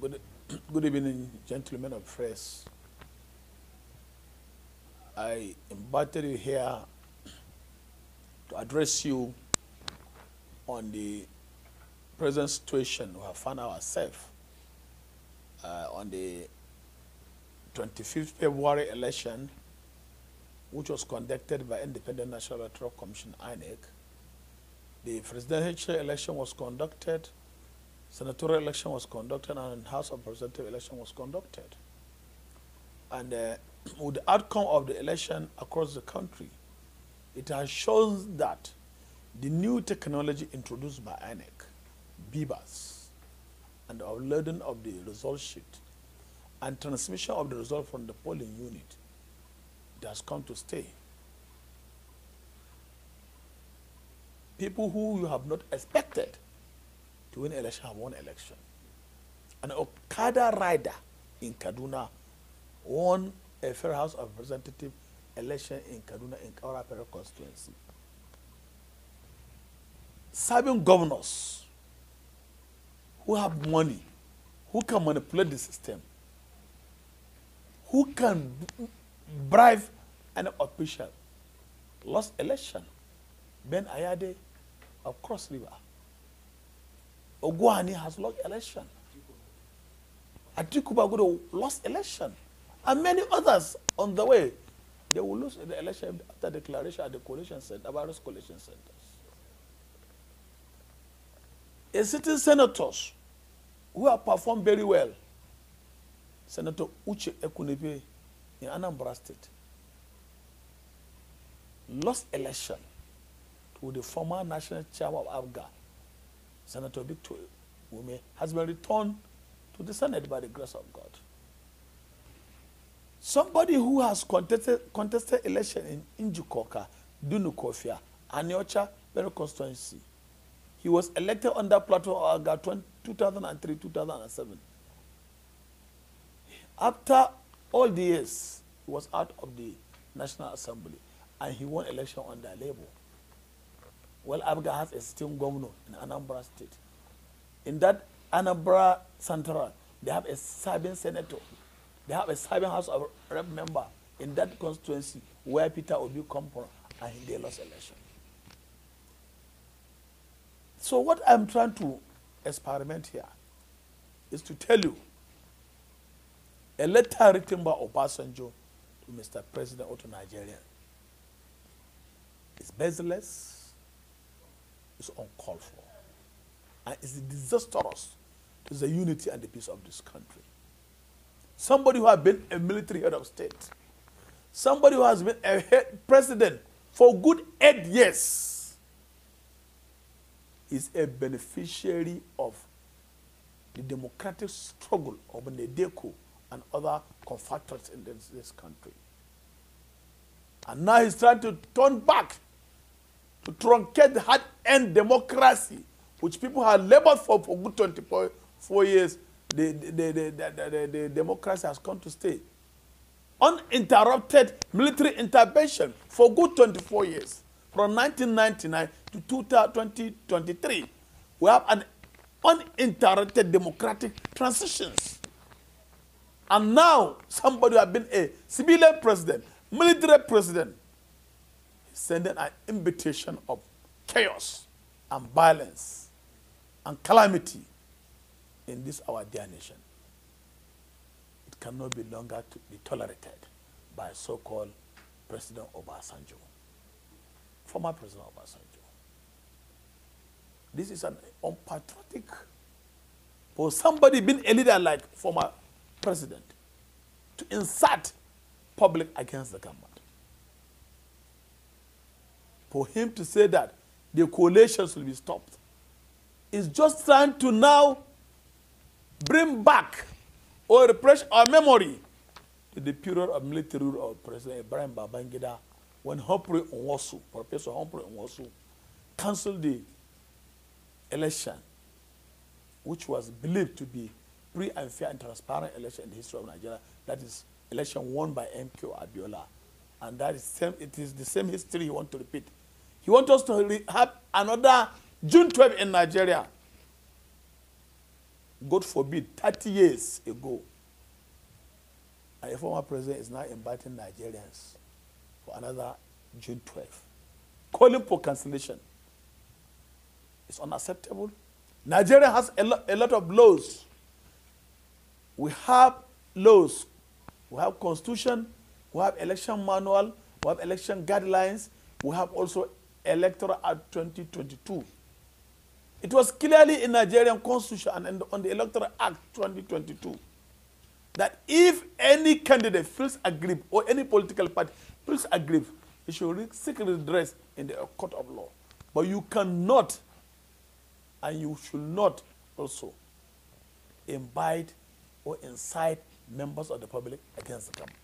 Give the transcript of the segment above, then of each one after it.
Good, good evening, gentlemen of press. I invited you here to address you on the present situation we have found ourselves uh, on the 25th February election, which was conducted by Independent National Electoral Commission, INEC. The presidential election was conducted senatorial election was conducted and House of Representative election was conducted. And uh, with the outcome of the election across the country, it has shown that the new technology introduced by INEC, BIBAS, and the uploading of the result sheet and transmission of the result from the polling unit it has come to stay. People who you have not expected to win election have won election. An Okada rider in Kaduna won a fair House of Representative election in Kaduna in Kaura Federal constituency. Serving governors who have money, who can manipulate the system, who can bribe an official, lost election. Ben Ayade of Cross River. Ogwani has lost election. Atiku Bagudo lost election. And many others on the way, they will lose the election after declaration at the coalition center, various coalition centers. A sitting senators who have performed very well, Senator Uche Ekunebe in Anambra State, lost election to the former national chairman of Afghan, Senator Victor Wumi has been returned to the Senate by the grace of God. Somebody who has contested, contested election in Injukoka, Dunukofia, Aniocha, Benue constituency. He was elected under Plateau Aga 2003-2007. After all the years, he was out of the National Assembly and he won election under Labour. Well, Abga has a esteemed governor in Anambra State. In that Anambra Central, they have a serving senator. They have a serving House of Rep member in that constituency where Peter Obi come from, and they lost election. So what I'm trying to experiment here is to tell you a letter written by Obasanjo to Mr. President of Nigeria is baseless, is uncalled for. And it's disastrous to the unity and the peace of this country. Somebody who has been a military head of state, somebody who has been a president for good eight years, is a beneficiary of the democratic struggle of Nedeko and other confederates in this, this country. And now he's trying to turn back to truncate the hard end democracy, which people had labored for for good 24 years, the, the, the, the, democracy has come to stay. Uninterrupted military intervention for good 24 years, from 1999 to 2023. We have an uninterrupted democratic transitions. And now, somebody who has been a civilian president, military president, is sending an invitation of chaos and violence and calamity in this our dear nation. It cannot be longer to be tolerated by so-called President Obasanjo, former President Obasanjo. This is an unpatriotic for somebody being a leader like former president to insult public against the government. For him to say that the coalition should be stopped. It's just trying to now bring back or refresh our memory to the period of military rule of President Ibrahim Babangida when Humphrey Onwasu, Professor Humphrey Onwasu, canceled the election, which was believed to be free and fair and transparent election in the history of Nigeria. That is election won by MQ Abiola. And that is same, it is the same history you want to repeat. He wants us to have another June 12 in Nigeria. God forbid, 30 years ago, a former president is now inviting Nigerians for another June 12, calling for cancellation. It's unacceptable. Nigeria has a, lo a lot of laws. We have laws. We have constitution. We have election manual. We have election guidelines. We have also Electoral Act 2022. It was clearly in Nigerian constitution and on the Electoral Act 2022 that if any candidate feels aggrieved or any political party feels aggrieved, he should seek redress in the court of law. But you cannot and you should not also invite or incite members of the public against the government.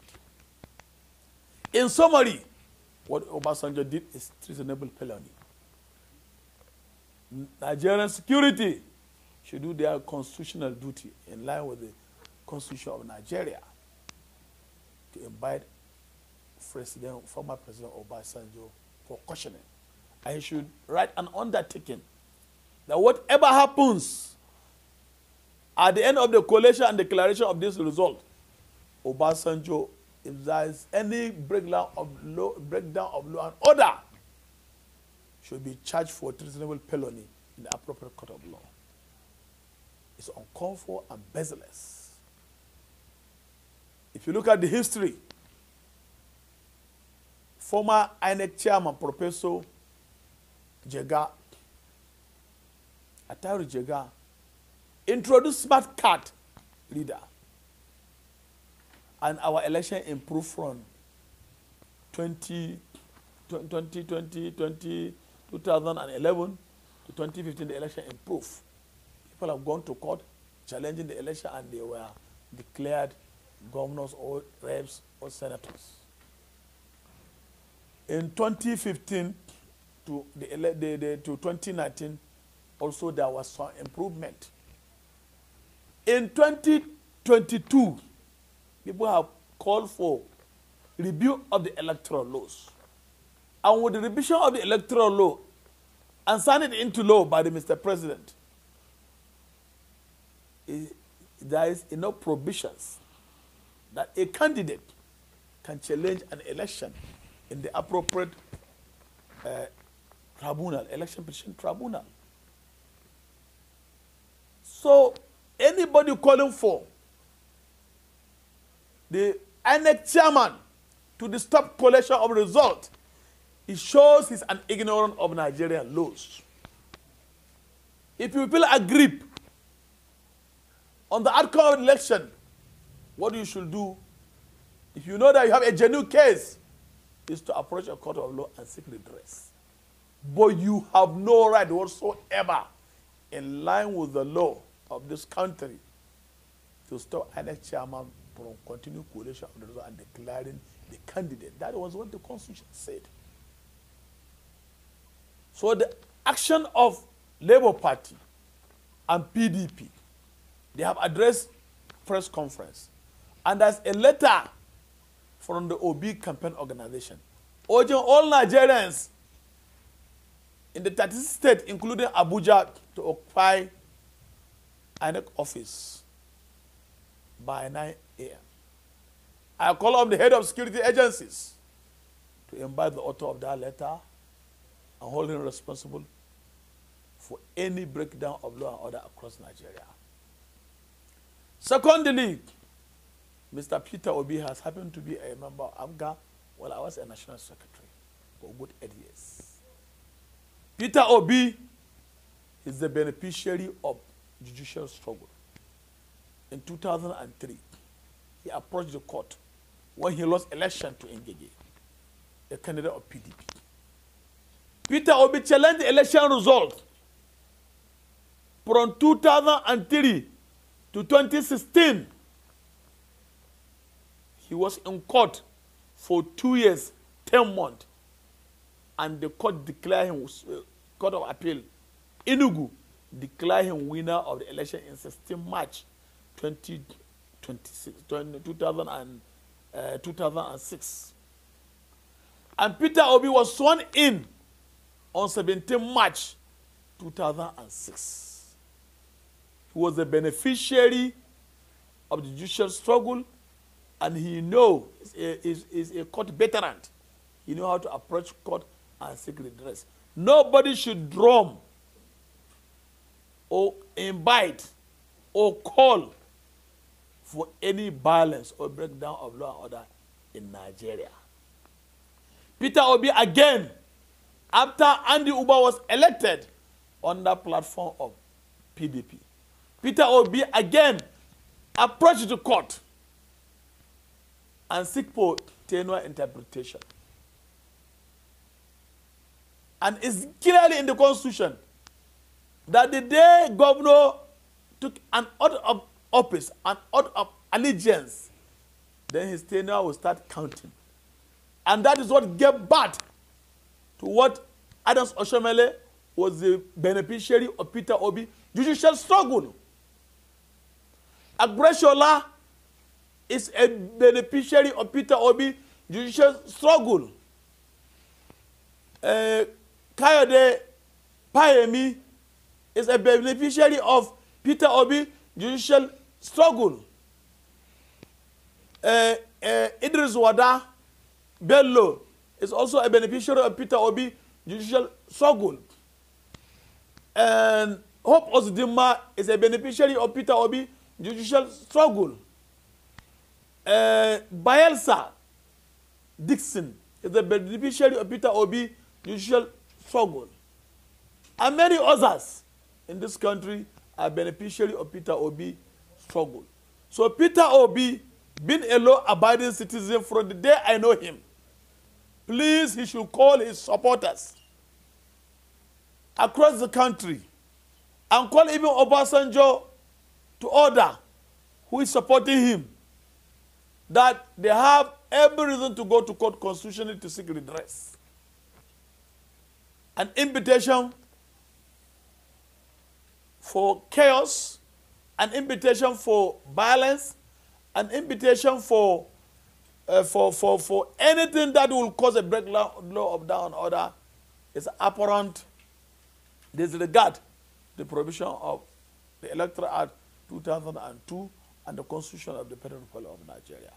In summary, what Obasanjo did is treasonable felony. Nigerian security should do their constitutional duty in line with the constitution of Nigeria to invite President, former President Obasanjo for questioning, And he should write an undertaking that whatever happens at the end of the collation and declaration of this result, Obasanjo if there is any breakdown of law, breakdown of law and order, should be charged for treasonable felony in the appropriate court of law. It's uncalled for and baseless. If you look at the history, former INEC chairman, Professor Jega, Atari Jega, introduced smart card reader and our election improved from 20, 20, 2011 to 2015, the election improved. People have gone to court challenging the election and they were declared governors or reps or senators. In 2015 to, the, the, the, to 2019, also there was some improvement. In 2022, people have called for review of the electoral laws. And with the revision of the electoral law and signed it into law by the Mr. President, it, there is enough provisions that a candidate can challenge an election in the appropriate uh, tribunal, election petition tribunal. So anybody calling for the NX chairman to the stop collection of result, he shows he's an ignorant of Nigerian laws. If you feel a grip on the outcome of election, what you should do, if you know that you have a genuine case, is to approach a court of law and seek redress. But you have no right whatsoever, in line with the law of this country, to stop any chairman from continuing coalition and declaring the candidate. That was what the Constitution said. So the action of Labour Party and PDP, they have addressed press conference. And there's a letter from the OB campaign organization urging all Nigerians in the 36 states, including Abuja, to occupy an office by 9 a.m. I call on the head of security agencies to invite the author of that letter and hold him responsible for any breakdown of law and order across Nigeria. Secondly, Mr. Peter Obi has happened to be a member of AMGA while I was a national secretary for good eight years. Peter Obi is the beneficiary of judicial struggle in 2003, he approached the court when he lost election to Ngege, a candidate of PDP. Peter Obi challenged the election result from 2003 to 2016. He was in court for two years, 10 months, and the court declared him, uh, Court of Appeal, Inugu, declared him winner of the election in 16 March and, uh, 2006. And Peter Obi was sworn in on 17 March 2006. He was a beneficiary of the judicial struggle and he know is a, is, a court veteran. He know how to approach court and seek redress. Nobody should drum or invite or call for any violence or breakdown of law and order in Nigeria. Peter Obi again, after Andy Uba was elected on the platform of PDP, Peter Obi again approached the court and seek for tenure interpretation. And it's clearly in the constitution that the day governor took an oath of office, and out of allegiance, then his tenure will start counting. And that is what gave birth to what Adams Oshomele was the beneficiary of Peter Obi judicial struggle. Agreshola is a beneficiary of Peter Obi judicial struggle. Uh, Kayode Payemi is a beneficiary of Peter Obi judicial struggle. Uh, uh, Idris Wada Bello is also a beneficiary of Peter Obi judicial struggle. And Hope Osdima is a beneficiary of Peter Obi judicial struggle. Uh, Bielsa Dixon is a beneficiary of Peter Obi judicial struggle. And many others in this country a beneficiary of Peter Obi struggle. So Peter Obi, being a law-abiding citizen from the day I know him, please he should call his supporters across the country and call even Obasanjo to order who is supporting him that they have every reason to go to court constitutionally to seek redress. An invitation for chaos, an invitation for violence, an invitation for, uh, for, for, for anything that will cause a breakdown of down order is apparent disregard the provision of the Electoral Act 2002 and the Constitution of the Federal Republic of Nigeria.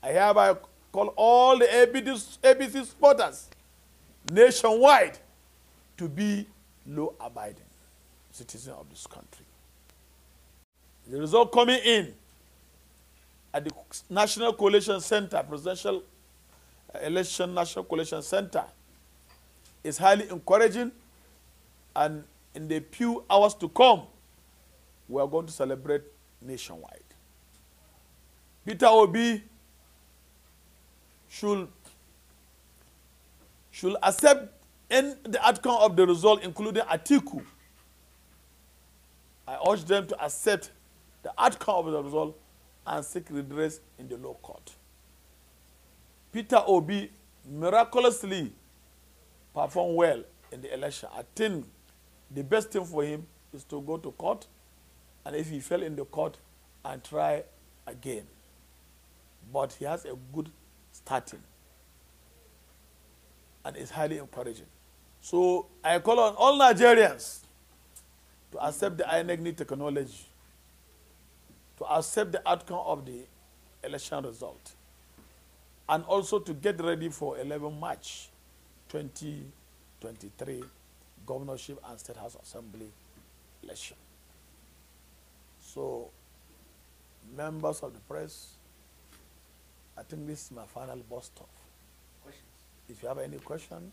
I hereby call all the ABC, ABC supporters nationwide to be law-abiding citizen of this country. The result coming in at the National Coalition Center, Presidential uh, Election National Coalition Center, is highly encouraging. And in the few hours to come, we are going to celebrate nationwide. Peter Obi should, should accept any, the outcome of the result, including Atiku. I urge them to accept the outcome of the result and seek redress in the law court. Peter Obi miraculously performed well in the election. I think the best thing for him is to go to court and if he fell in the court and try again. But he has a good starting and it's highly encouraging. So I call on all Nigerians to accept the INEC new technology, to accept the outcome of the election result, and also to get ready for 11 March 2023 governorship and state house assembly election. So, members of the press, I think this is my final bus stop. Questions? If you have any questions.